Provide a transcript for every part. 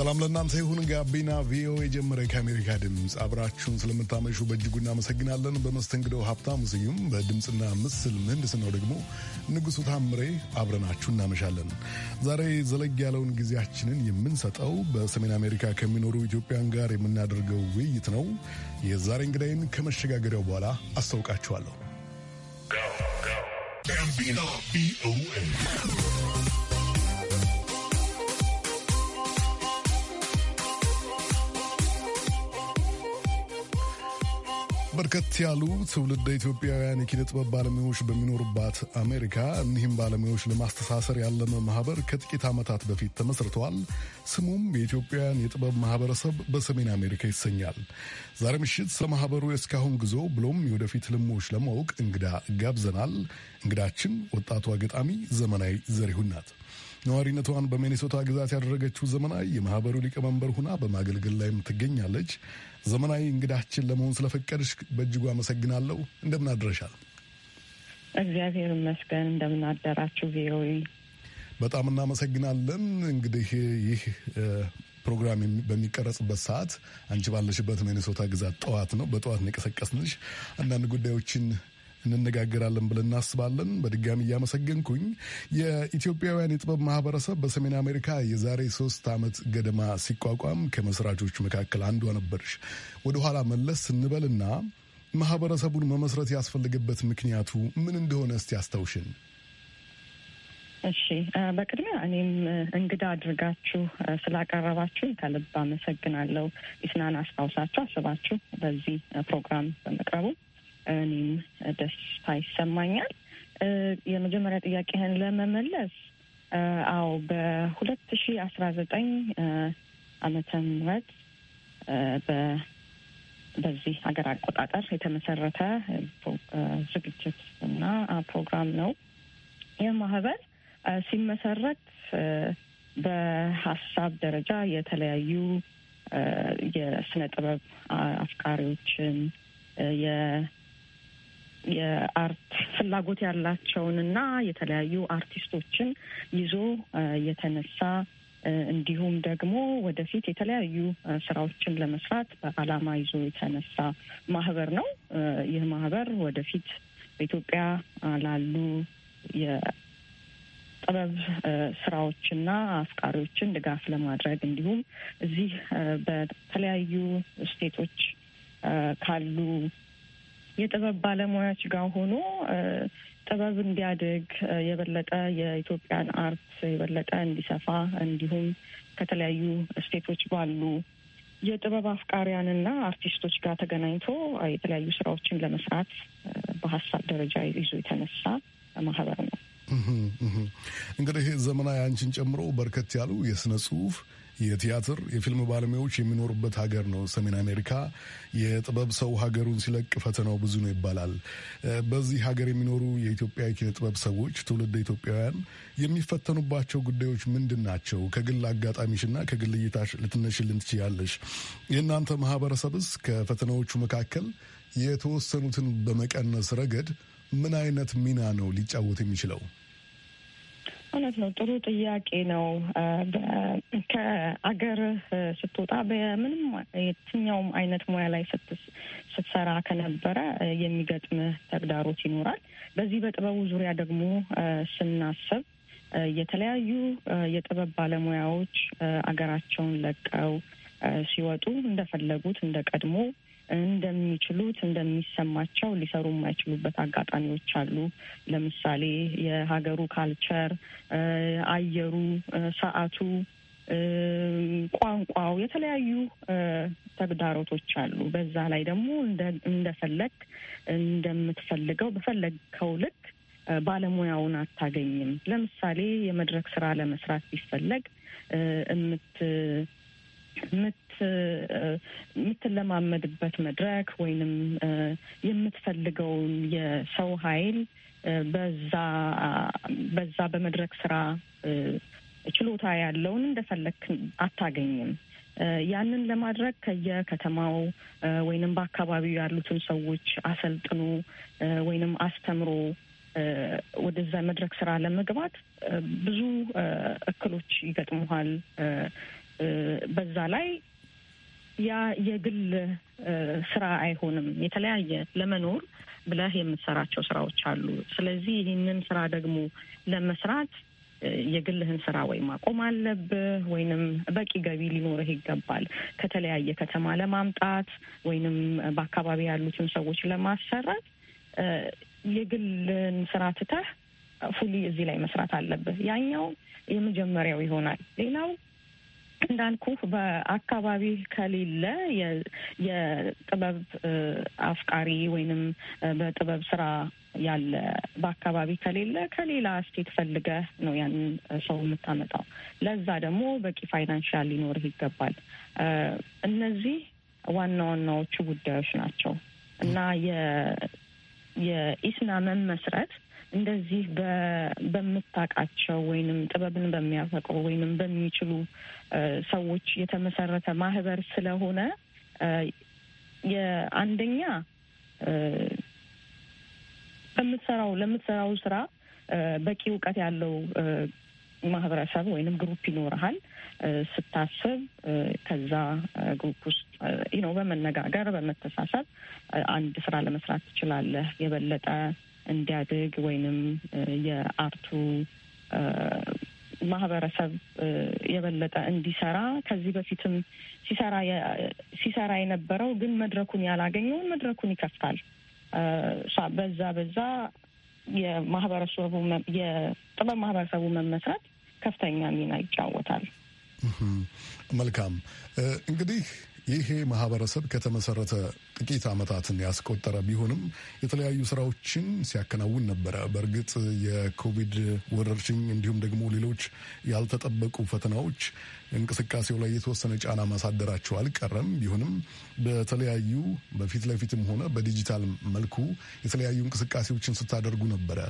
ሰላም ለእናንተ ይሁን። ጋቢና ቪኦኤ ጀመረ። ከአሜሪካ ድምፅ አብራችሁን ስለምታመሹ በእጅጉ እናመሰግናለን። በመስተንግደው ሀብታሙ ስዩም፣ በድምፅና ምስል ምህንድስናው ደግሞ ንጉሱ ታምሬ አብረናችሁ እናመሻለን። ዛሬ ዘለግ ያለውን ጊዜያችንን የምንሰጠው በሰሜን አሜሪካ ከሚኖሩ ኢትዮጵያን ጋር የምናደርገው ውይይት ነው። የዛሬ እንግዳይን ከመሸጋገሪያው በኋላ አስታውቃችኋለሁ። በርከት ያሉ ትውልደ ኢትዮጵያውያን የኪነ ጥበብ ባለሙያዎች በሚኖሩባት አሜሪካ እኒህም ባለሙያዎች ለማስተሳሰር ያለመ ማህበር ከጥቂት ዓመታት በፊት ተመስርተዋል። ስሙም የኢትዮጵያውያን የጥበብ ማህበረሰብ በሰሜን አሜሪካ ይሰኛል። ዛሬ ምሽት ስለ ማህበሩ የእስካሁን ጉዞ ብሎም የወደፊት ልሞች ለማወቅ እንግዳ ጋብዘናል። እንግዳችን ወጣቷ ገጣሚ ዘመናዊ ዘሪሁን ናት። ነዋሪነቷን በሚኒሶታ ግዛት ያደረገችው ዘመናዊ የማህበሩ ሊቀመንበር ሁና በማገልገል ላይም ትገኛለች። ዘመናዊ እንግዳችን ለመሆን ስለፈቀድሽ በእጅጉ አመሰግናለሁ። እንደምን አድረሻል? እግዚአብሔር ይመስገን። እንደምን አደራችሁ ቪኦኤ። በጣም እናመሰግናለን። እንግዲህ ይህ ፕሮግራም በሚቀረጽበት ሰዓት አንቺ ባለሽበት ሚኒሶታ ግዛት ጠዋት ነው። በጠዋት ነው የቀሰቀስንሽ። አንዳንድ ጉዳዮችን እንነጋገራለን ብለን እናስባለን። በድጋሚ እያመሰገንኩኝ የኢትዮጵያውያን የጥበብ ማህበረሰብ በሰሜን አሜሪካ የዛሬ ሶስት ዓመት ገደማ ሲቋቋም ከመስራቾች መካከል አንዷ ነበርሽ። ወደኋላ መለስ ስንበልና ማህበረሰቡን መመስረት ያስፈልገበት ምክንያቱ ምን እንደሆነ እስቲ አስታውሽን። እሺ፣ በቅድሚያ እኔም እንግዳ አድርጋችሁ ስላቀረባችሁ ከልብ አመሰግናለሁ። ኢስናን አስታውሳችሁ አስባችሁ በዚህ ፕሮግራም በመቅረቡ እኔም ደስታ ይሰማኛል። የመጀመሪያ ጥያቄህን ለመመለስ አዎ በሁለት ሺ አስራ ዘጠኝ አመተ ምህረት በዚህ ሀገር አቆጣጠር የተመሰረተ ዝግጅት እና ፕሮግራም ነው። ይህ ማህበር ሲመሰረት በሀሳብ ደረጃ የተለያዩ የስነ ጥበብ አፍቃሪዎችን የአርት ፍላጎት ያላቸውንና የተለያዩ አርቲስቶችን ይዞ የተነሳ እንዲሁም ደግሞ ወደፊት የተለያዩ ስራዎችን ለመስራት በዓላማ ይዞ የተነሳ ማህበር ነው። ይህ ማህበር ወደፊት በኢትዮጵያ ላሉ የጥበብ ስራዎችና አፍቃሪዎችን ድጋፍ ለማድረግ እንዲሁም እዚህ በተለያዩ ስቴቶች ካሉ የጥበብ ባለሙያዎች ጋር ሆኖ ጥበብ እንዲያድግ የበለጠ የኢትዮጵያን አርት የበለጠ እንዲሰፋ እንዲሁም ከተለያዩ ስቴቶች ባሉ የጥበብ አፍቃሪያንና አርቲስቶች ጋር ተገናኝቶ የተለያዩ ስራዎችን ለመስራት በሀሳብ ደረጃ ይዞ የተነሳ ማህበር ነው። እንግዲህ ዘመናዊ አንቺን ጨምሮ በርከት ያሉ የስነ ጽሁፍ የቲያትር የፊልም ባለሙያዎች የሚኖሩበት ሀገር ነው ሰሜን አሜሪካ። የጥበብ ሰው ሀገሩን ሲለቅ ፈተናው ብዙ ነው ይባላል። በዚህ ሀገር የሚኖሩ የኢትዮጵያ ኪነ ጥበብ ሰዎች ትውልድ ኢትዮጵያውያን የሚፈተኑባቸው ጉዳዮች ምንድን ናቸው? ከግል አጋጣሚሽና ከግል እይታሽ ልትነሽልን ትችያለሽ። የእናንተ ማህበረሰብስ ከፈተናዎቹ መካከል የተወሰኑትን በመቀነስ ረገድ ምን አይነት ሚና ነው ሊጫወት የሚችለው? እውነት ነው። ጥሩ ጥያቄ ነው። ከአገር ስትወጣ በምንም የትኛውም አይነት ሙያ ላይ ስትሰራ ከነበረ የሚገጥምህ ተግዳሮት ይኖራል። በዚህ በጥበቡ ዙሪያ ደግሞ ስናስብ የተለያዩ የጥበብ ባለሙያዎች አገራቸውን ለቀው ሲወጡ እንደፈለጉት እንደ ቀድሞ እንደሚችሉት እንደሚሰማቸው ሊሰሩ የማይችሉበት አጋጣሚዎች አሉ። ለምሳሌ የሀገሩ ካልቸር፣ አየሩ፣ ሰዓቱ፣ ቋንቋው የተለያዩ ተግዳሮቶች አሉ። በዛ ላይ ደግሞ እንደፈለግ እንደምትፈልገው በፈለግከው ልክ ባለሙያውን አታገኝም። ለምሳሌ የመድረክ ስራ ለመስራት ቢፈለግ እምት የምትለማመድበት መድረክ ወይንም የምትፈልገውን የሰው ኃይል በዛ በዛ በመድረክ ስራ ችሎታ ያለውን እንደፈለክ አታገኝም። ያንን ለማድረግ ከየከተማው ወይንም በአካባቢው ያሉትን ሰዎች አሰልጥኖ ወይንም አስተምሮ ወደዛ መድረክ ስራ ለመግባት ብዙ እክሎች ይገጥሙሃል። በዛ ላይ ያ የግል ስራ አይሆንም። የተለያየ ለመኖር ብለህ የምትሰራቸው ስራዎች አሉ። ስለዚህ ይህንን ስራ ደግሞ ለመስራት የግልህን ስራ ወይ ማቆም አለብህ ወይንም በቂ ገቢ ሊኖርህ ይገባል። ከተለያየ ከተማ ለማምጣት ወይንም በአካባቢ ያሉትን ሰዎች ለማሰራት የግልን ስራ ትተህ ፉሊ እዚህ ላይ መስራት አለብህ። ያኛው የመጀመሪያው ይሆናል። ሌላው እንዳልኩ በአካባቢ ከሌለ የጥበብ አፍቃሪ ወይንም በጥበብ ስራ ያለ በአካባቢ ከሌለ ከሌላ ስቴት ፈልገህ ነው ያንን ሰው የምታመጣው። ለዛ ደግሞ በቂ ፋይናንሻል ሊኖርህ ይገባል። እነዚህ ዋና ዋናዎቹ ጉዳዮች ናቸው እና የኢስና መመስረት እንደዚህ በምታውቃቸው ወይንም ጥበብን በሚያፈቅሩ ወይንም በሚችሉ ሰዎች የተመሰረተ ማህበር ስለሆነ የአንደኛ በምትሰራው ለምትሰራው ስራ በቂ እውቀት ያለው ማህበረሰብ ወይንም ግሩፕ ይኖርሃል። ስታስብ ከዛ ግሩፕ ውስጥ ነው በመነጋገር በመተሳሰብ አንድ ስራ ለመስራት ትችላለህ የበለጠ እንዲያድግ ወይንም የአርቱ ማህበረሰብ የበለጠ እንዲሰራ ከዚህ በፊትም ሲሰራ ሲሰራ የነበረው ግን መድረኩን ያላገኘውን መድረኩን ይከፍታል። በዛ በዛ የማህበረሰቡ የጥበብ ማህበረሰቡ መመስረት ከፍተኛ ሚና ይጫወታል። መልካም እንግዲህ ይሄ ማህበረሰብ ከተመሰረተ ጥቂት ዓመታትን ያስቆጠረ ቢሆንም የተለያዩ ስራዎችን ሲያከናውን ነበረ። በእርግጥ የኮቪድ ወረርሽኝ እንዲሁም ደግሞ ሌሎች ያልተጠበቁ ፈተናዎች እንቅስቃሴው ላይ የተወሰነ ጫና ማሳደራቸው አልቀረም። ቢሆንም በተለያዩ በፊት ለፊትም ሆነ በዲጂታል መልኩ የተለያዩ እንቅስቃሴዎችን ስታደርጉ ነበረ።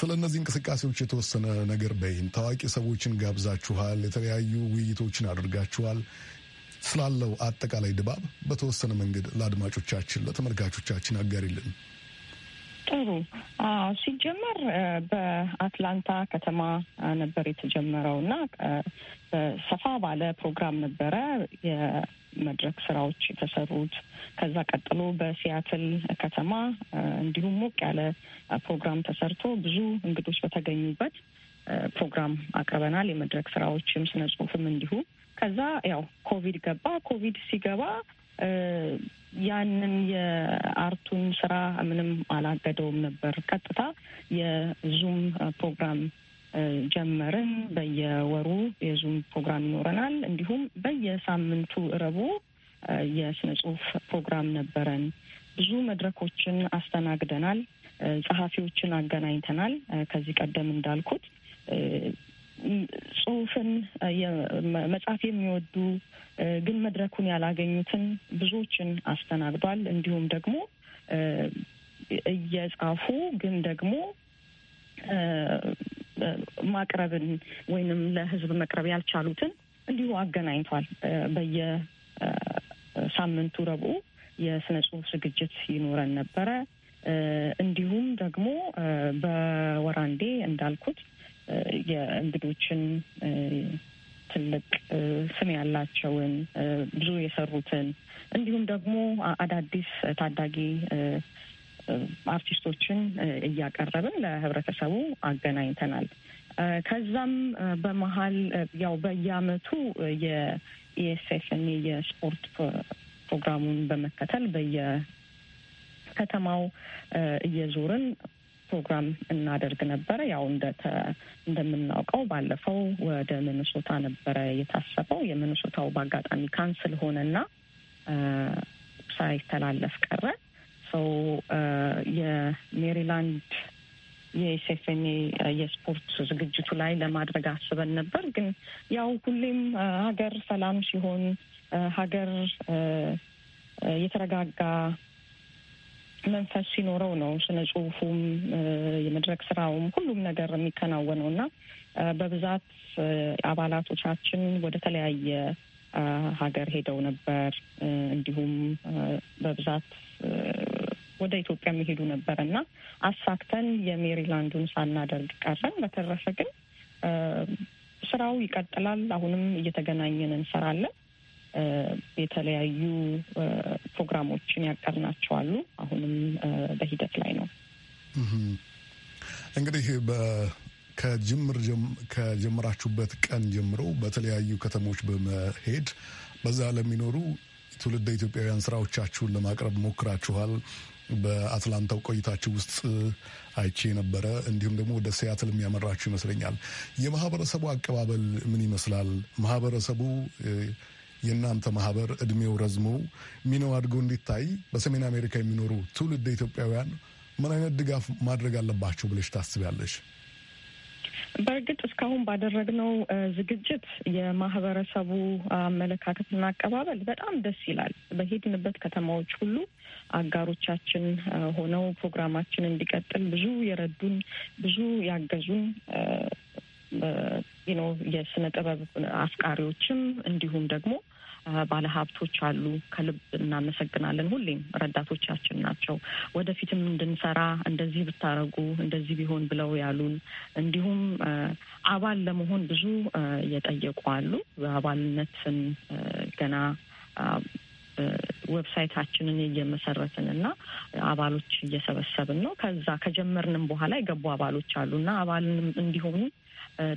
ስለ እነዚህ እንቅስቃሴዎች የተወሰነ ነገር በይን። ታዋቂ ሰዎችን ጋብዛችኋል። የተለያዩ ውይይቶችን አድርጋችኋል። ስላለው አጠቃላይ ድባብ በተወሰነ መንገድ ለአድማጮቻችን ለተመልካቾቻችን አጋሪልን። ጥሩ። ሲጀመር በአትላንታ ከተማ ነበር የተጀመረው እና ሰፋ ባለ ፕሮግራም ነበረ የመድረክ ስራዎች የተሰሩት። ከዛ ቀጥሎ በሲያትል ከተማ እንዲሁም ሞቅ ያለ ፕሮግራም ተሰርቶ ብዙ እንግዶች በተገኙበት ፕሮግራም አቅርበናል። የመድረክ ስራዎችም ስነ ጽሁፍም እንዲሁም ከዛ ያው ኮቪድ ገባ። ኮቪድ ሲገባ ያንን የአርቱን ስራ ምንም አላገደውም ነበር። ቀጥታ የዙም ፕሮግራም ጀመርን። በየወሩ የዙም ፕሮግራም ይኖረናል። እንዲሁም በየሳምንቱ ረቡ የስነ ጽሁፍ ፕሮግራም ነበረን። ብዙ መድረኮችን አስተናግደናል። ጸሐፊዎችን አገናኝተናል። ከዚህ ቀደም እንዳልኩት ጽሁፍን መጽሐፍ የሚወዱ ግን መድረኩን ያላገኙትን ብዙዎችን አስተናግዷል። እንዲሁም ደግሞ እየጻፉ ግን ደግሞ ማቅረብን ወይንም ለህዝብ መቅረብ ያልቻሉትን እንዲሁ አገናኝቷል። በየሳምንቱ ረቡዕ የስነ ጽሁፍ ዝግጅት ይኖረን ነበረ። እንዲሁም ደግሞ በወራንዴ እንዳልኩት የእንግዶችን ትልቅ ስም ያላቸውን ብዙ የሰሩትን እንዲሁም ደግሞ አዳዲስ ታዳጊ አርቲስቶችን እያቀረብን ለህብረተሰቡ አገናኝተናል። ከዛም በመሀል ያው በየአመቱ የኢኤስኤፍን የስፖርት ፕሮግራሙን በመከተል በየከተማው እየዞርን ፕሮግራም እናደርግ ነበረ። ያው እንደምናውቀው ባለፈው ወደ ምንሶታ ነበረ የታሰበው። የምንሶታው በአጋጣሚ ካንስል ሆነና ሳይተላለፍ ቀረ። ሰው የሜሪላንድ የኤስኤፍኔ የስፖርት ዝግጅቱ ላይ ለማድረግ አስበን ነበር። ግን ያው ሁሌም ሀገር ሰላም ሲሆን ሀገር የተረጋጋ መንፈስ ሲኖረው ነው ስነ ጽሁፉም የመድረክ ስራውም ሁሉም ነገር የሚከናወነው እና በብዛት አባላቶቻችን ወደ ተለያየ ሀገር ሄደው ነበር። እንዲሁም በብዛት ወደ ኢትዮጵያ የሚሄዱ ነበር እና አሳክተን የሜሪላንዱን ሳናደርግ ቀረን። በተረፈ ግን ስራው ይቀጥላል። አሁንም እየተገናኘን እንሰራለን። የተለያዩ ፕሮግራሞችን ያቀርናቸዋሉ። አሁንም በሂደት ላይ ነው። እንግዲህ ከጅምር ከጀመራችሁበት ቀን ጀምሮ በተለያዩ ከተሞች በመሄድ በዛ ለሚኖሩ ትውልደ ኢትዮጵያውያን ስራዎቻችሁን ለማቅረብ ሞክራችኋል። በአትላንታው ቆይታችሁ ውስጥ አይቼ ነበረ። እንዲሁም ደግሞ ወደ ሲያትልም ያመራችሁ ይመስለኛል። የማህበረሰቡ አቀባበል ምን ይመስላል? ማህበረሰቡ የእናንተ ማህበር እድሜው ረዝሞ ሚናው አድጎ እንዲታይ በሰሜን አሜሪካ የሚኖሩ ትውልድ ኢትዮጵያውያን ምን አይነት ድጋፍ ማድረግ አለባቸው ብለሽ ታስቢያለሽ? በእርግጥ እስካሁን ባደረግነው ዝግጅት የማህበረሰቡ አመለካከትና አቀባበል በጣም ደስ ይላል። በሄድንበት ከተማዎች ሁሉ አጋሮቻችን ሆነው ፕሮግራማችን እንዲቀጥል ብዙ የረዱን ብዙ ያገዙን ነው የስነ ጥበብ አፍቃሪዎችም እንዲሁም ደግሞ ባለሀብቶች አሉ። ከልብ እናመሰግናለን። ሁሌም ረዳቶቻችን ናቸው። ወደፊትም እንድንሰራ እንደዚህ ብታረጉ እንደዚህ ቢሆን ብለው ያሉን፣ እንዲሁም አባል ለመሆን ብዙ የጠየቁ አሉ። በአባልነትን ገና ዌብሳይታችንን እየመሰረትን እና አባሎች እየሰበሰብን ነው። ከዛ ከጀመርንም በኋላ የገቡ አባሎች አሉ እና አባልንም እንዲሆኑ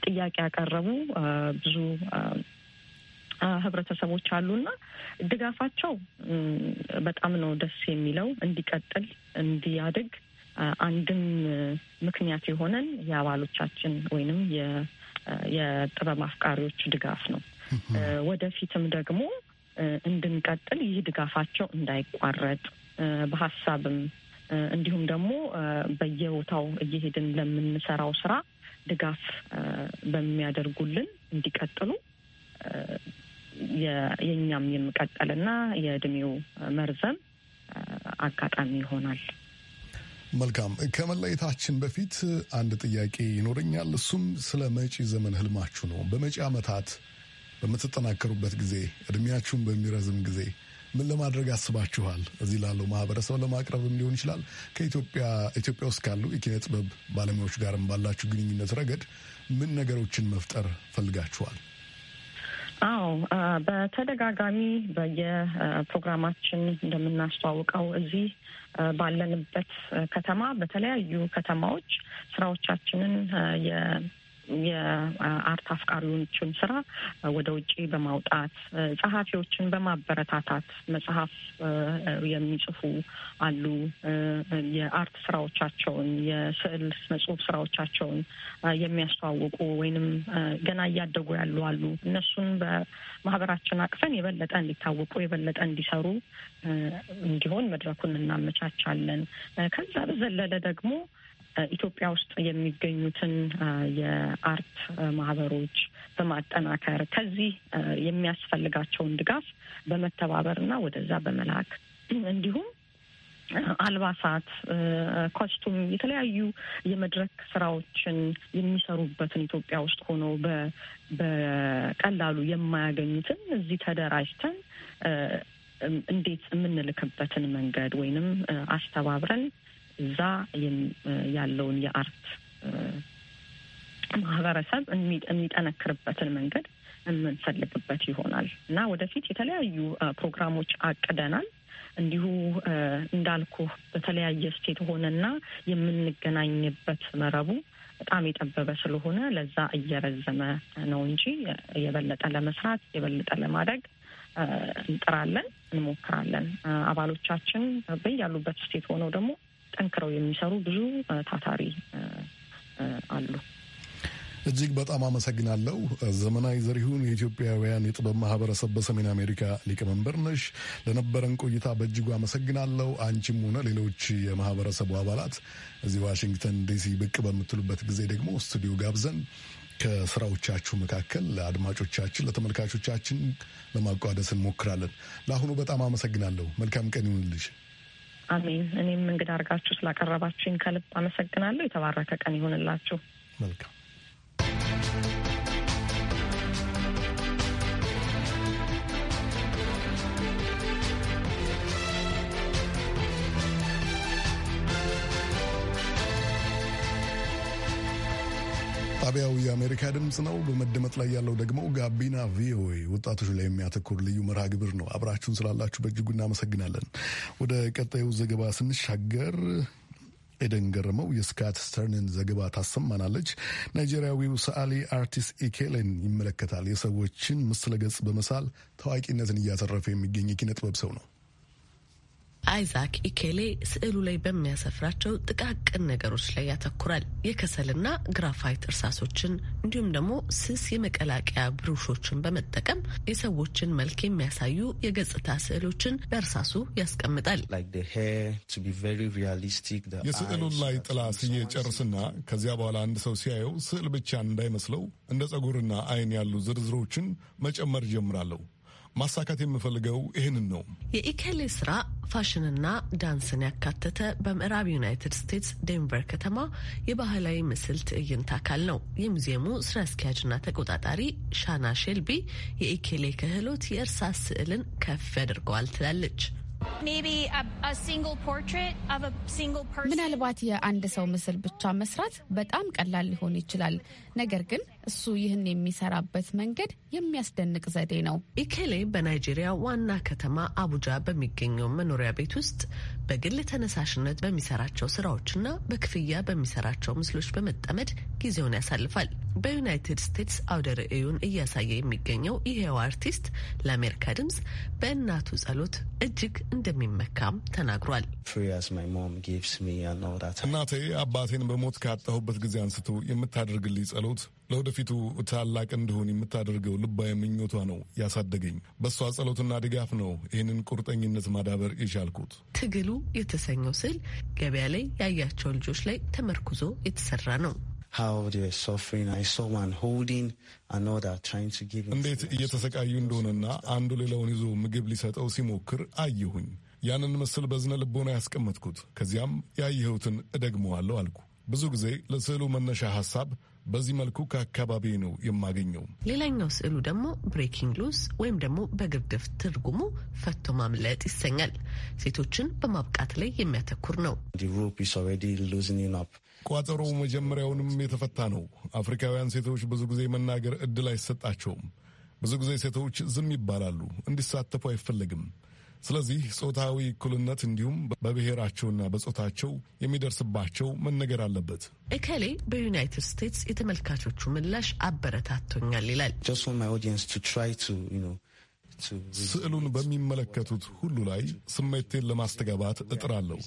ጥያቄ ያቀረቡ ብዙ ህብረተሰቦች አሉና ድጋፋቸው በጣም ነው ደስ የሚለው። እንዲቀጥል እንዲያድግ አንድም ምክንያት የሆነን የአባሎቻችን ወይንም የጥበብ አፍቃሪዎች ድጋፍ ነው። ወደፊትም ደግሞ እንድንቀጥል ይህ ድጋፋቸው እንዳይቋረጥ በሀሳብም እንዲሁም ደግሞ በየቦታው እየሄድን ለምንሰራው ስራ ድጋፍ በሚያደርጉልን እንዲቀጥሉ የእኛም የምቀጠልና የእድሜው መርዘም አጋጣሚ ይሆናል። መልካም። ከመለየታችን በፊት አንድ ጥያቄ ይኖረኛል። እሱም ስለ መጪ ዘመን ህልማችሁ ነው። በመጪ ዓመታት በምትጠናከሩበት ጊዜ፣ እድሜያችሁን በሚረዝም ጊዜ ምን ለማድረግ አስባችኋል? እዚህ ላለው ማህበረሰብ ለማቅረብም ሊሆን ይችላል። ከኢትዮጵያ ኢትዮጵያ ውስጥ ካሉ የኪነ ጥበብ ባለሙያዎች ጋርም ባላችሁ ግንኙነት ረገድ ምን ነገሮችን መፍጠር ፈልጋችኋል? አዎ በተደጋጋሚ በየፕሮግራማችን እንደምናስተዋውቀው እዚህ ባለንበት ከተማ በተለያዩ ከተማዎች ስራዎቻችንን የአርት አፍቃሪዎችን ስራ ወደ ውጭ በማውጣት ጸሐፊዎችን በማበረታታት መጽሐፍ የሚጽፉ አሉ። የአርት ስራዎቻቸውን የስዕል መጽሁፍ ስራዎቻቸውን የሚያስተዋውቁ ወይንም ገና እያደጉ ያሉ አሉ። እነሱን በማህበራችን አቅፈን የበለጠ እንዲታወቁ የበለጠ እንዲሰሩ እንዲሆን መድረኩን እናመቻቻለን። ከዛ በዘለለ ደግሞ ኢትዮጵያ ውስጥ የሚገኙትን የአርት ማህበሮች በማጠናከር ከዚህ የሚያስፈልጋቸውን ድጋፍ በመተባበር እና ወደዛ በመላክ እንዲሁም አልባሳት፣ ኮስቱም፣ የተለያዩ የመድረክ ስራዎችን የሚሰሩበትን ኢትዮጵያ ውስጥ ሆነው በቀላሉ የማያገኙትን እዚህ ተደራጅተን እንዴት የምንልክበትን መንገድ ወይንም አስተባብረን እዛ ያለውን የአርት ማህበረሰብ የሚጠነክርበትን መንገድ የምንፈልግበት ይሆናል እና ወደፊት የተለያዩ ፕሮግራሞች አቅደናል። እንዲሁ እንዳልኩ በተለያየ ስቴት ሆነና የምንገናኝበት መረቡ በጣም የጠበበ ስለሆነ ለዛ እየረዘመ ነው እንጂ የበለጠ ለመስራት የበለጠ ለማድረግ እንጥራለን፣ እንሞክራለን። አባሎቻችን በያሉበት ስቴት ሆነው ደግሞ ጠንክረው የሚሰሩ ብዙ ታታሪ አሉ። እጅግ በጣም አመሰግናለሁ። ዘመናዊ ዘሪሁን የኢትዮጵያውያን የጥበብ ማህበረሰብ በሰሜን አሜሪካ ሊቀመንበር ነሽ። ለነበረን ቆይታ በእጅጉ አመሰግናለሁ። አንቺም ሆነ ሌሎች የማህበረሰቡ አባላት እዚህ ዋሽንግተን ዲሲ ብቅ በምትሉበት ጊዜ ደግሞ ስቱዲዮ ጋብዘን ከስራዎቻችሁ መካከል ለአድማጮቻችን፣ ለተመልካቾቻችን ለማቋደስ እንሞክራለን። ለአሁኑ በጣም አመሰግናለሁ። መልካም ቀን ይሁንልሽ። አሜን። እኔም እንግዳ አድርጋችሁ ስላቀረባችሁኝ ከልብ አመሰግናለሁ። የተባረከ ቀን ይሁንላችሁ። መልካም ጣቢያው የአሜሪካ ድምፅ ነው። በመደመጥ ላይ ያለው ደግሞ ጋቢና ቪኦኤ ወጣቶች ላይ የሚያተኩር ልዩ መርሃ ግብር ነው። አብራችሁን ስላላችሁ በእጅጉ እናመሰግናለን። ወደ ቀጣዩ ዘገባ ስንሻገር ኤደን ገረመው የስካት ስተርንን ዘገባ ታሰማናለች። ናይጄሪያዊው ሰዓሊ አርቲስት ኢኬሌን ይመለከታል። የሰዎችን ምስለ ገጽ በመሳል ታዋቂነትን እያተረፈ የሚገኝ የኪነ ጥበብ ሰው ነው። አይዛክ ኢኬሌ ስዕሉ ላይ በሚያሰፍራቸው ጥቃቅን ነገሮች ላይ ያተኩራል። የከሰልና ግራፋይት እርሳሶችን እንዲሁም ደግሞ ስስ የመቀላቀያ ብሩሾችን በመጠቀም የሰዎችን መልክ የሚያሳዩ የገጽታ ስዕሎችን በእርሳሱ ያስቀምጣል። የስዕሉን ላይ ጥላ ስዬ ጨርስና ከዚያ በኋላ አንድ ሰው ሲያየው ስዕል ብቻ እንዳይመስለው እንደ ጸጉርና አይን ያሉ ዝርዝሮችን መጨመር ጀምራለሁ። ማሳካት የምፈልገው ይህንን ነው። የኢኬሌ ስራ ፋሽንና ዳንስን ያካተተ በምዕራብ ዩናይትድ ስቴትስ ዴንቨር ከተማ የባህላዊ ምስል ትዕይንት አካል ነው። የሙዚየሙ ስራ አስኪያጅና ተቆጣጣሪ ሻና ሼልቢ የኢኬሌ ክህሎት የእርሳስ ስዕልን ከፍ ያደርገዋል ትላለች። ምናልባት የአንድ ሰው ምስል ብቻ መስራት በጣም ቀላል ሊሆን ይችላል። ነገር ግን እሱ ይህን የሚሰራበት መንገድ የሚያስደንቅ ዘዴ ነው። ኢኬሌ በናይጄሪያ ዋና ከተማ አቡጃ በሚገኘው መኖሪያ ቤት ውስጥ በግል ተነሳሽነት በሚሰራቸው ስራዎችና በክፍያ በሚሰራቸው ምስሎች በመጠመድ ጊዜውን ያሳልፋል። በዩናይትድ ስቴትስ አውደ ርዕዩን እያሳየ የሚገኘው ይሄው አርቲስት ለአሜሪካ ድምጽ በእናቱ ጸሎት እጅግ እንደሚመካም ተናግሯል። እናቴ አባቴን በሞት ካጣሁበት ጊዜ አንስቶ የምታደርግልኝ ጸሎት ለወደፊቱ ታላቅ እንድሆን የምታደርገው ልባዊ ምኞቷ ነው ያሳደገኝ። በእሷ ጸሎትና ድጋፍ ነው ይህንን ቁርጠኝነት ማዳበር የቻልኩት። ትግሉ የተሰኘው ስዕል ገበያ ላይ ያያቸው ልጆች ላይ ተመርኩዞ የተሰራ ነው። እንዴት እየተሰቃዩ እንደሆነና አንዱ ሌላውን ይዞ ምግብ ሊሰጠው ሲሞክር አየሁኝ። ያንን ምስል በዝነ ልቦና ያስቀመጥኩት፣ ከዚያም ያየሁትን እደግመዋለሁ አልኩ። ብዙ ጊዜ ለስዕሉ መነሻ ሐሳብ በዚህ መልኩ ከአካባቢ ነው የማገኘው። ሌላኛው ስዕሉ ደግሞ ብሬኪንግ ሉዝ ወይም ደግሞ በግርድፍ ትርጉሙ ፈቶ ማምለጥ ይሰኛል። ሴቶችን በማብቃት ላይ የሚያተኩር ነው። ቋጠሮ መጀመሪያውንም የተፈታ ነው። አፍሪካውያን ሴቶች ብዙ ጊዜ መናገር እድል አይሰጣቸውም። ብዙ ጊዜ ሴቶች ዝም ይባላሉ፣ እንዲሳተፉ አይፈለግም። ስለዚህ ጾታዊ እኩልነት እንዲሁም በብሔራቸውና በጾታቸው የሚደርስባቸው መነገር አለበት። እከሌ በዩናይትድ ስቴትስ የተመልካቾቹ ምላሽ አበረታቶኛል ይላል። ስዕሉን በሚመለከቱት ሁሉ ላይ ስሜቴን ለማስተጋባት እጥራለሁ።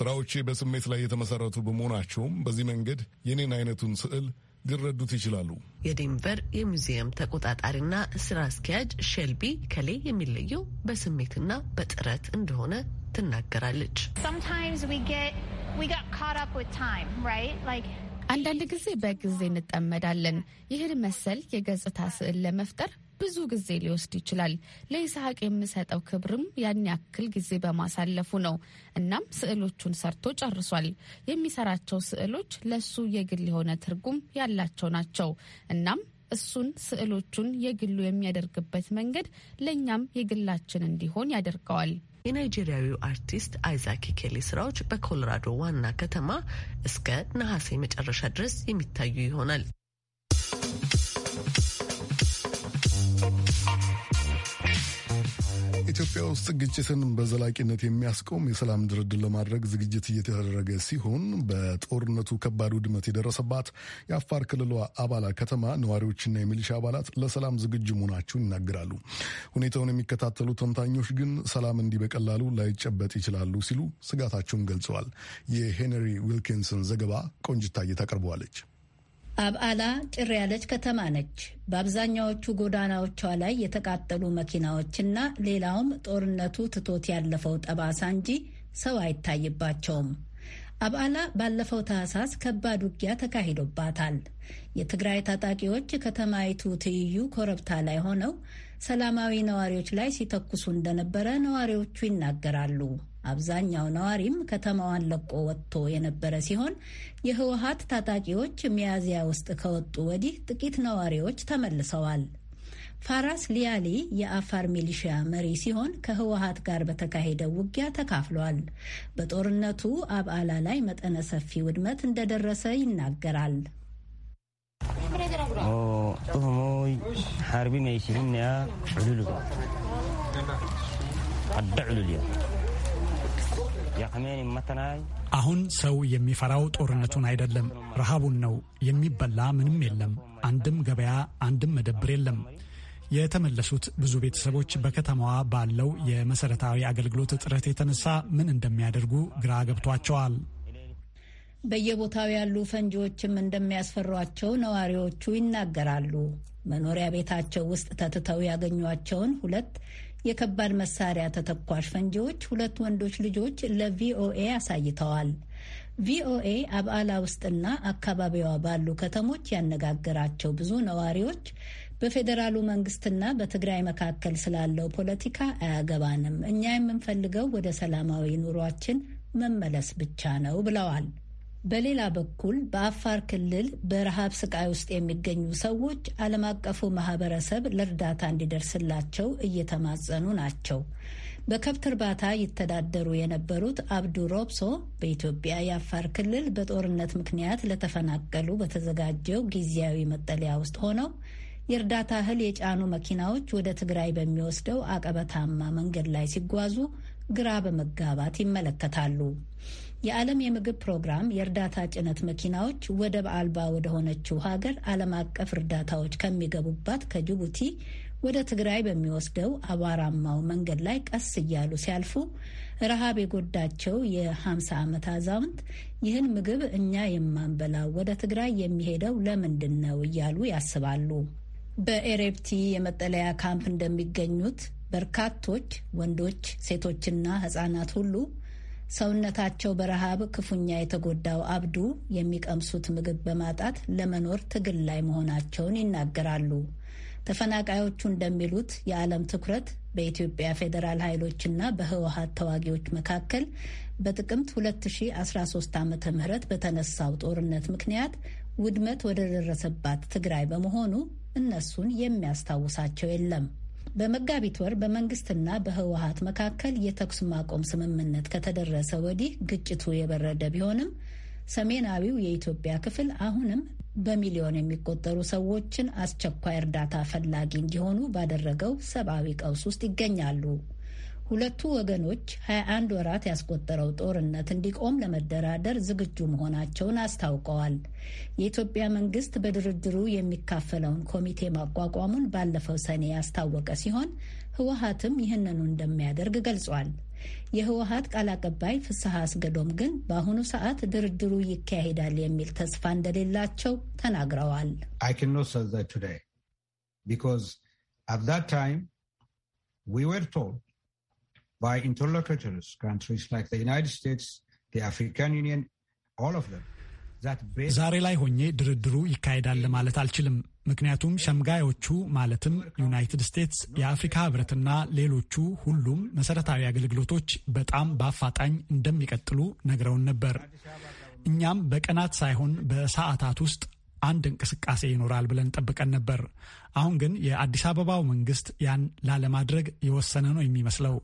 ስራዎቼ በስሜት ላይ የተመሰረቱ በመሆናቸውም በዚህ መንገድ የኔን አይነቱን ስዕል ሊረዱት ይችላሉ። የዴንቨር የሙዚየም ተቆጣጣሪና ስራ አስኪያጅ ሼልቢ ከሌ የሚለየው በስሜትና በጥረት እንደሆነ ትናገራለች። አንዳንድ ጊዜ በጊዜ እንጠመዳለን። ይህን መሰል የገጽታ ስዕል ለመፍጠር ብዙ ጊዜ ሊወስድ ይችላል። ለይስሐቅ የምሰጠው ክብርም ያን ያክል ጊዜ በማሳለፉ ነው። እናም ስዕሎቹን ሰርቶ ጨርሷል። የሚሰራቸው ስዕሎች ለሱ የግል የሆነ ትርጉም ያላቸው ናቸው። እናም እሱን ስዕሎቹን የግሉ የሚያደርግበት መንገድ ለእኛም የግላችን እንዲሆን ያደርገዋል። የናይጄሪያዊው አርቲስት አይዛክ ኬሊ ስራዎች በኮሎራዶ ዋና ከተማ እስከ ነሐሴ መጨረሻ ድረስ የሚታዩ ይሆናል። ኢትዮጵያ ውስጥ ግጭትን በዘላቂነት የሚያስቆም የሰላም ድርድር ለማድረግ ዝግጅት እየተደረገ ሲሆን በጦርነቱ ከባድ ውድመት የደረሰባት የአፋር ክልሏ አባላ ከተማ ነዋሪዎችና የሚሊሻ አባላት ለሰላም ዝግጁ መሆናቸውን ይናገራሉ። ሁኔታውን የሚከታተሉ ተንታኞች ግን ሰላም እንዲህ በቀላሉ ላይጨበጥ ይችላሉ ሲሉ ስጋታቸውን ገልጸዋል። የሄንሪ ዊልኪንስን ዘገባ ቆንጅታ እየታቀርበዋለች። አብዓላ ጭር ያለች ከተማ ነች። በአብዛኛዎቹ ጎዳናዎቿ ላይ የተቃጠሉ መኪናዎችና ሌላውም ጦርነቱ ትቶት ያለፈው ጠባሳ እንጂ ሰው አይታይባቸውም። አብዓላ ባለፈው ታህሳስ ከባድ ውጊያ ተካሂዶባታል። የትግራይ ታጣቂዎች ከተማይቱ ትይዩ ኮረብታ ላይ ሆነው ሰላማዊ ነዋሪዎች ላይ ሲተኩሱ እንደነበረ ነዋሪዎቹ ይናገራሉ። አብዛኛው ነዋሪም ከተማዋን ለቆ ወጥቶ የነበረ ሲሆን የህወሀት ታጣቂዎች ሚያዝያ ውስጥ ከወጡ ወዲህ ጥቂት ነዋሪዎች ተመልሰዋል። ፋራስ ሊያሊ የአፋር ሚሊሺያ መሪ ሲሆን ከህወሀት ጋር በተካሄደው ውጊያ ተካፍሏል። በጦርነቱ አብዓላ ላይ መጠነ ሰፊ ውድመት እንደደረሰ ይናገራል። አሁን ሰው የሚፈራው ጦርነቱን አይደለም፣ ረሃቡን ነው። የሚበላ ምንም የለም። አንድም ገበያ፣ አንድም መደብር የለም። የተመለሱት ብዙ ቤተሰቦች በከተማዋ ባለው የመሰረታዊ አገልግሎት እጥረት የተነሳ ምን እንደሚያደርጉ ግራ ገብቷቸዋል። በየቦታው ያሉ ፈንጂዎችም እንደሚያስፈሯቸው ነዋሪዎቹ ይናገራሉ። መኖሪያ ቤታቸው ውስጥ ተትተው ያገኟቸውን ሁለት የከባድ መሳሪያ ተተኳሽ ፈንጂዎች ሁለት ወንዶች ልጆች ለቪኦኤ አሳይተዋል። ቪኦኤ አብዓላ ውስጥና አካባቢዋ ባሉ ከተሞች ያነጋገራቸው ብዙ ነዋሪዎች በፌዴራሉ መንግስትና በትግራይ መካከል ስላለው ፖለቲካ አያገባንም፣ እኛ የምንፈልገው ወደ ሰላማዊ ኑሯችን መመለስ ብቻ ነው ብለዋል። በሌላ በኩል በአፋር ክልል በረሃብ ስቃይ ውስጥ የሚገኙ ሰዎች ዓለም አቀፉ ማህበረሰብ ለእርዳታ እንዲደርስላቸው እየተማጸኑ ናቸው። በከብት እርባታ ይተዳደሩ የነበሩት አብዱ ሮብሶ በኢትዮጵያ የአፋር ክልል በጦርነት ምክንያት ለተፈናቀሉ በተዘጋጀው ጊዜያዊ መጠለያ ውስጥ ሆነው የእርዳታ እህል የጫኑ መኪናዎች ወደ ትግራይ በሚወስደው አቀበታማ መንገድ ላይ ሲጓዙ ግራ በመጋባት ይመለከታሉ። የዓለም የምግብ ፕሮግራም የእርዳታ ጭነት መኪናዎች ወደብ አልባ ወደሆነችው ሀገር ዓለም አቀፍ እርዳታዎች ከሚገቡባት ከጅቡቲ ወደ ትግራይ በሚወስደው አቧራማው መንገድ ላይ ቀስ እያሉ ሲያልፉ ረሃብ የጎዳቸው የ50 ዓመት አዛውንት ይህን ምግብ እኛ የማንበላው ወደ ትግራይ የሚሄደው ለምንድን ነው እያሉ ያስባሉ። በኤሬፕቲ የመጠለያ ካምፕ እንደሚገኙት በርካቶች ወንዶች፣ ሴቶችና ህጻናት ሁሉ ሰውነታቸው በረሃብ ክፉኛ የተጎዳው አብዱ የሚቀምሱት ምግብ በማጣት ለመኖር ትግል ላይ መሆናቸውን ይናገራሉ። ተፈናቃዮቹ እንደሚሉት የዓለም ትኩረት በኢትዮጵያ ፌዴራል ኃይሎችና በህወሀት ተዋጊዎች መካከል በጥቅምት 2013 ዓ ም በተነሳው ጦርነት ምክንያት ውድመት ወደደረሰባት ትግራይ በመሆኑ እነሱን የሚያስታውሳቸው የለም። በመጋቢት ወር በመንግስትና በህወሀት መካከል የተኩስ ማቆም ስምምነት ከተደረሰ ወዲህ ግጭቱ የበረደ ቢሆንም ሰሜናዊው የኢትዮጵያ ክፍል አሁንም በሚሊዮን የሚቆጠሩ ሰዎችን አስቸኳይ እርዳታ ፈላጊ እንዲሆኑ ባደረገው ሰብአዊ ቀውስ ውስጥ ይገኛሉ። ሁለቱ ወገኖች 21 ወራት ያስቆጠረው ጦርነት እንዲቆም ለመደራደር ዝግጁ መሆናቸውን አስታውቀዋል። የኢትዮጵያ መንግስት በድርድሩ የሚካፈለውን ኮሚቴ ማቋቋሙን ባለፈው ሰኔ ያስታወቀ ሲሆን ህወሀትም ይህንኑ እንደሚያደርግ ገልጿል። የህወሀት ቃል አቀባይ ፍስሐ አስገዶም ግን በአሁኑ ሰዓት ድርድሩ ይካሄዳል የሚል ተስፋ እንደሌላቸው ተናግረዋል። ቢኮዝ አት ዛት ታይም ዊ ወር ቶልድ by interlocutors, countries like the United States, the African Union, all of them. ዛሬ ላይ ሆኜ ድርድሩ ይካሄዳል ለማለት አልችልም። ምክንያቱም ሸምጋዮቹ ማለትም ዩናይትድ ስቴትስ፣ የአፍሪካ ህብረትና ሌሎቹ ሁሉም መሰረታዊ አገልግሎቶች በጣም በአፋጣኝ እንደሚቀጥሉ ነግረውን ነበር። እኛም በቀናት ሳይሆን በሰዓታት ውስጥ አንድ እንቅስቃሴ ይኖራል ብለን ጠብቀን ነበር። አሁን ግን የአዲስ አበባው መንግስት ያን ላለማድረግ የወሰነ ነው የሚመስለው።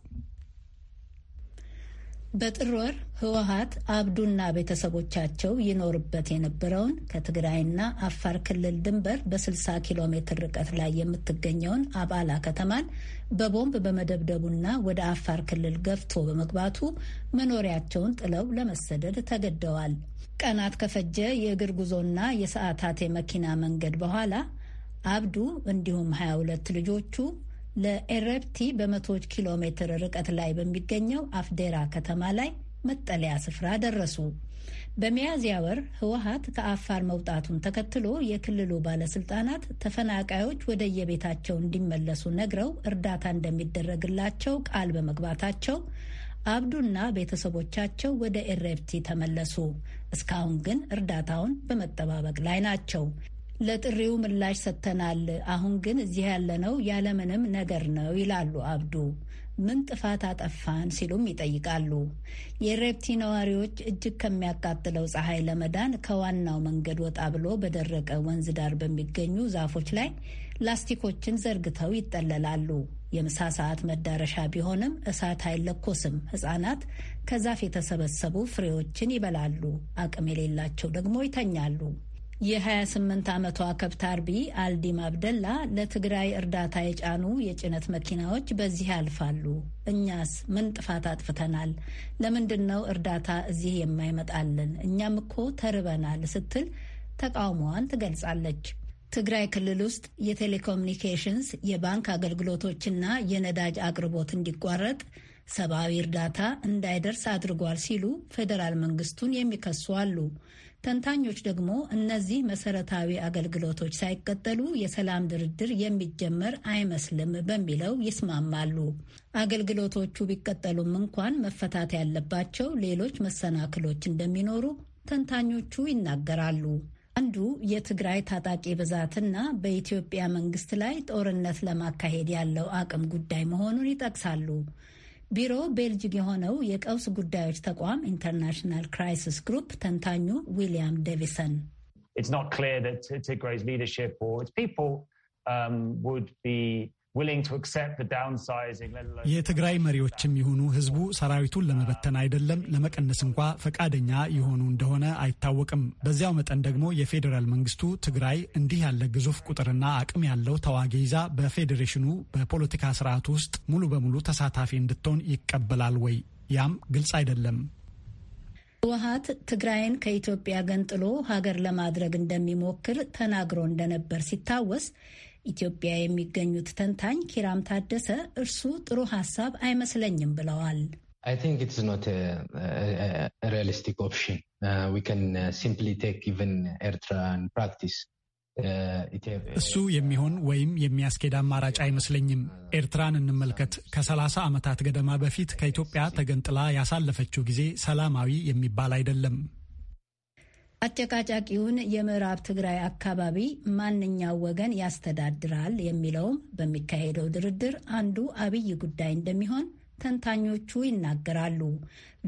በጥር ወር ህወሀት አብዱና ቤተሰቦቻቸው ይኖርበት የነበረውን ከትግራይና አፋር ክልል ድንበር በ60 ኪሎ ሜትር ርቀት ላይ የምትገኘውን አባላ ከተማን በቦምብ በመደብደቡና ወደ አፋር ክልል ገፍቶ በመግባቱ መኖሪያቸውን ጥለው ለመሰደድ ተገደዋል። ቀናት ከፈጀ የእግር ጉዞና የሰዓታት የመኪና መንገድ በኋላ አብዱ እንዲሁም 22 ልጆቹ ለኤረብቲ በመቶዎች ኪሎ ሜትር ርቀት ላይ በሚገኘው አፍዴራ ከተማ ላይ መጠለያ ስፍራ ደረሱ። በሚያዝያ ወር ህወሀት ከአፋር መውጣቱን ተከትሎ የክልሉ ባለስልጣናት ተፈናቃዮች ወደ የቤታቸው እንዲመለሱ ነግረው እርዳታ እንደሚደረግላቸው ቃል በመግባታቸው አብዱና ቤተሰቦቻቸው ወደ ኤረብቲ ተመለሱ። እስካሁን ግን እርዳታውን በመጠባበቅ ላይ ናቸው። ለጥሪው ምላሽ ሰጥተናል። አሁን ግን እዚህ ያለነው ያለምንም ነገር ነው ይላሉ አብዱ። ምን ጥፋት አጠፋን ሲሉም ይጠይቃሉ። የሬፕቲ ነዋሪዎች እጅግ ከሚያቃጥለው ፀሐይ ለመዳን ከዋናው መንገድ ወጣ ብሎ በደረቀ ወንዝ ዳር በሚገኙ ዛፎች ላይ ላስቲኮችን ዘርግተው ይጠለላሉ። የምሳ ሰዓት መዳረሻ ቢሆንም እሳት አይለኮስም። ሕጻናት ከዛፍ የተሰበሰቡ ፍሬዎችን ይበላሉ። አቅም የሌላቸው ደግሞ ይተኛሉ። የ28 ዓመቷ ከብት አርቢ አልዲም አብደላ ለትግራይ እርዳታ የጫኑ የጭነት መኪናዎች በዚህ ያልፋሉ። እኛስ ምን ጥፋት አጥፍተናል? ለምንድን ነው እርዳታ እዚህ የማይመጣልን? እኛም እኮ ተርበናል ስትል ተቃውሟዋን ትገልጻለች። ትግራይ ክልል ውስጥ የቴሌኮሙኒኬሽንስ የባንክ አገልግሎቶችና የነዳጅ አቅርቦት እንዲቋረጥ ሰብአዊ እርዳታ እንዳይደርስ አድርጓል ሲሉ ፌዴራል መንግስቱን የሚከሱ አሉ። ተንታኞች ደግሞ እነዚህ መሰረታዊ አገልግሎቶች ሳይቀጠሉ የሰላም ድርድር የሚጀመር አይመስልም በሚለው ይስማማሉ። አገልግሎቶቹ ቢቀጠሉም እንኳን መፈታት ያለባቸው ሌሎች መሰናክሎች እንደሚኖሩ ተንታኞቹ ይናገራሉ። አንዱ የትግራይ ታጣቂ ብዛትና በኢትዮጵያ መንግስት ላይ ጦርነት ለማካሄድ ያለው አቅም ጉዳይ መሆኑን ይጠቅሳሉ። ቢሮ ቤልጅግ የሆነው የቀውስ ጉዳዮች ተቋም ኢንተርናሽናል ክራይሲስ ግሩፕ ተንታኙ ዊሊያም ዴቪሰን It's not clear that Tigray's leadership or its people um, would be የትግራይ መሪዎችም ይሁኑ ህዝቡ ሰራዊቱን ለመበተን አይደለም ለመቀነስ እንኳ ፈቃደኛ የሆኑ እንደሆነ አይታወቅም። በዚያው መጠን ደግሞ የፌዴራል መንግስቱ ትግራይ እንዲህ ያለ ግዙፍ ቁጥርና አቅም ያለው ተዋጊ ይዛ በፌዴሬሽኑ በፖለቲካ ስርዓት ውስጥ ሙሉ በሙሉ ተሳታፊ እንድትሆን ይቀበላል ወይ? ያም ግልጽ አይደለም። ህወሀት ትግራይን ከኢትዮጵያ ገንጥሎ ሀገር ለማድረግ እንደሚሞክር ተናግሮ እንደነበር ሲታወስ ኢትዮጵያ የሚገኙት ተንታኝ ኪራም ታደሰ እርሱ ጥሩ ሀሳብ አይመስለኝም ብለዋል። ሪያሊስቲክ ኦፕሽን ሲምፕሊ ቴክ ኢቨን ኤርትራን ፕራክቲስ እሱ የሚሆን ወይም የሚያስኬድ አማራጭ አይመስለኝም። ኤርትራን እንመልከት። ከሰላሳ ዓመታት ገደማ በፊት ከኢትዮጵያ ተገንጥላ ያሳለፈችው ጊዜ ሰላማዊ የሚባል አይደለም። አጨቃጫቂውን የምዕራብ ትግራይ አካባቢ ማንኛው ወገን ያስተዳድራል የሚለውም በሚካሄደው ድርድር አንዱ አብይ ጉዳይ እንደሚሆን ተንታኞቹ ይናገራሉ።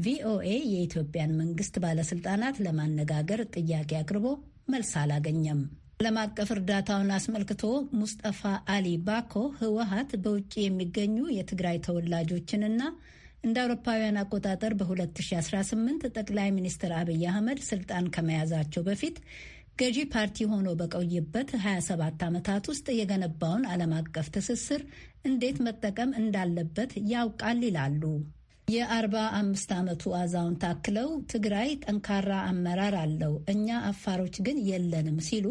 ቪኦኤ የኢትዮጵያን መንግስት ባለስልጣናት ለማነጋገር ጥያቄ አቅርቦ መልስ አላገኘም። ዓለም አቀፍ እርዳታውን አስመልክቶ ሙስጠፋ አሊ ባኮ ህወሀት በውጭ የሚገኙ የትግራይ ተወላጆችንና እንደ አውሮፓውያን አቆጣጠር በ2018 ጠቅላይ ሚኒስትር አብይ አህመድ ስልጣን ከመያዛቸው በፊት ገዢ ፓርቲ ሆኖ በቆየበት 27 ዓመታት ውስጥ የገነባውን ዓለም አቀፍ ትስስር እንዴት መጠቀም እንዳለበት ያውቃል ይላሉ የአርባ አምስት ዓመቱ አዛውንት አክለው ትግራይ ጠንካራ አመራር አለው፣ እኛ አፋሮች ግን የለንም ሲሉ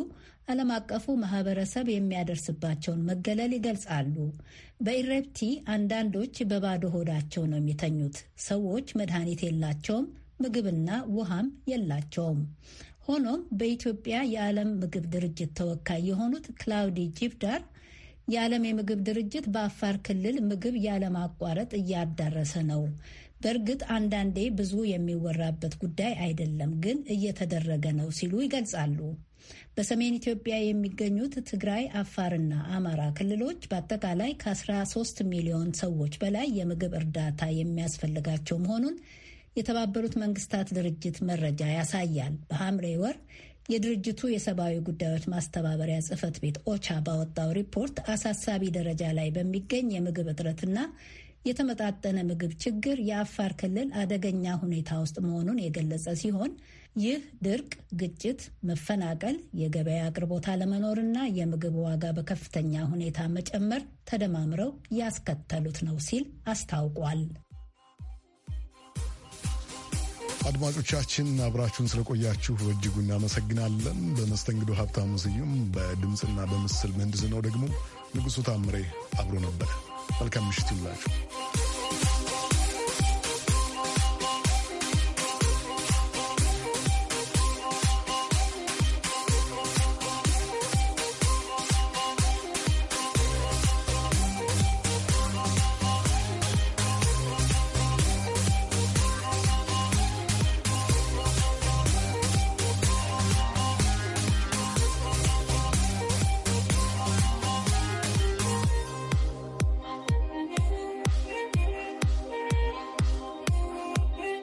ዓለም አቀፉ ማህበረሰብ የሚያደርስባቸውን መገለል ይገልጻሉ። በኢሬፕቲ አንዳንዶች በባዶ ሆዳቸው ነው የሚተኙት። ሰዎች መድኃኒት የላቸውም፣ ምግብና ውሃም የላቸውም። ሆኖም በኢትዮጵያ የዓለም ምግብ ድርጅት ተወካይ የሆኑት ክላውዲ ጂብዳር የዓለም የምግብ ድርጅት በአፋር ክልል ምግብ ያለማቋረጥ እያዳረሰ ነው። በእርግጥ አንዳንዴ ብዙ የሚወራበት ጉዳይ አይደለም፣ ግን እየተደረገ ነው ሲሉ ይገልጻሉ። በሰሜን ኢትዮጵያ የሚገኙት ትግራይ፣ አፋርና አማራ ክልሎች በአጠቃላይ ከ13 ሚሊዮን ሰዎች በላይ የምግብ እርዳታ የሚያስፈልጋቸው መሆኑን የተባበሩት መንግስታት ድርጅት መረጃ ያሳያል። በሐምሌ ወር የድርጅቱ የሰብአዊ ጉዳዮች ማስተባበሪያ ጽህፈት ቤት ኦቻ ባወጣው ሪፖርት አሳሳቢ ደረጃ ላይ በሚገኝ የምግብ እጥረትና የተመጣጠነ ምግብ ችግር የአፋር ክልል አደገኛ ሁኔታ ውስጥ መሆኑን የገለጸ ሲሆን ይህ ድርቅ፣ ግጭት፣ መፈናቀል፣ የገበያ አቅርቦት አለመኖርና የምግብ ዋጋ በከፍተኛ ሁኔታ መጨመር ተደማምረው ያስከተሉት ነው ሲል አስታውቋል። አድማጮቻችን አብራችሁን ስለቆያችሁ በእጅጉ እናመሰግናለን። በመስተንግዶ ሀብታሙ ስዩም፣ በድምፅና በምስል ምህንድስናው ደግሞ ንጉሱ ታምሬ አብሮ ነበረ። መልካም ምሽት ይላችሁ።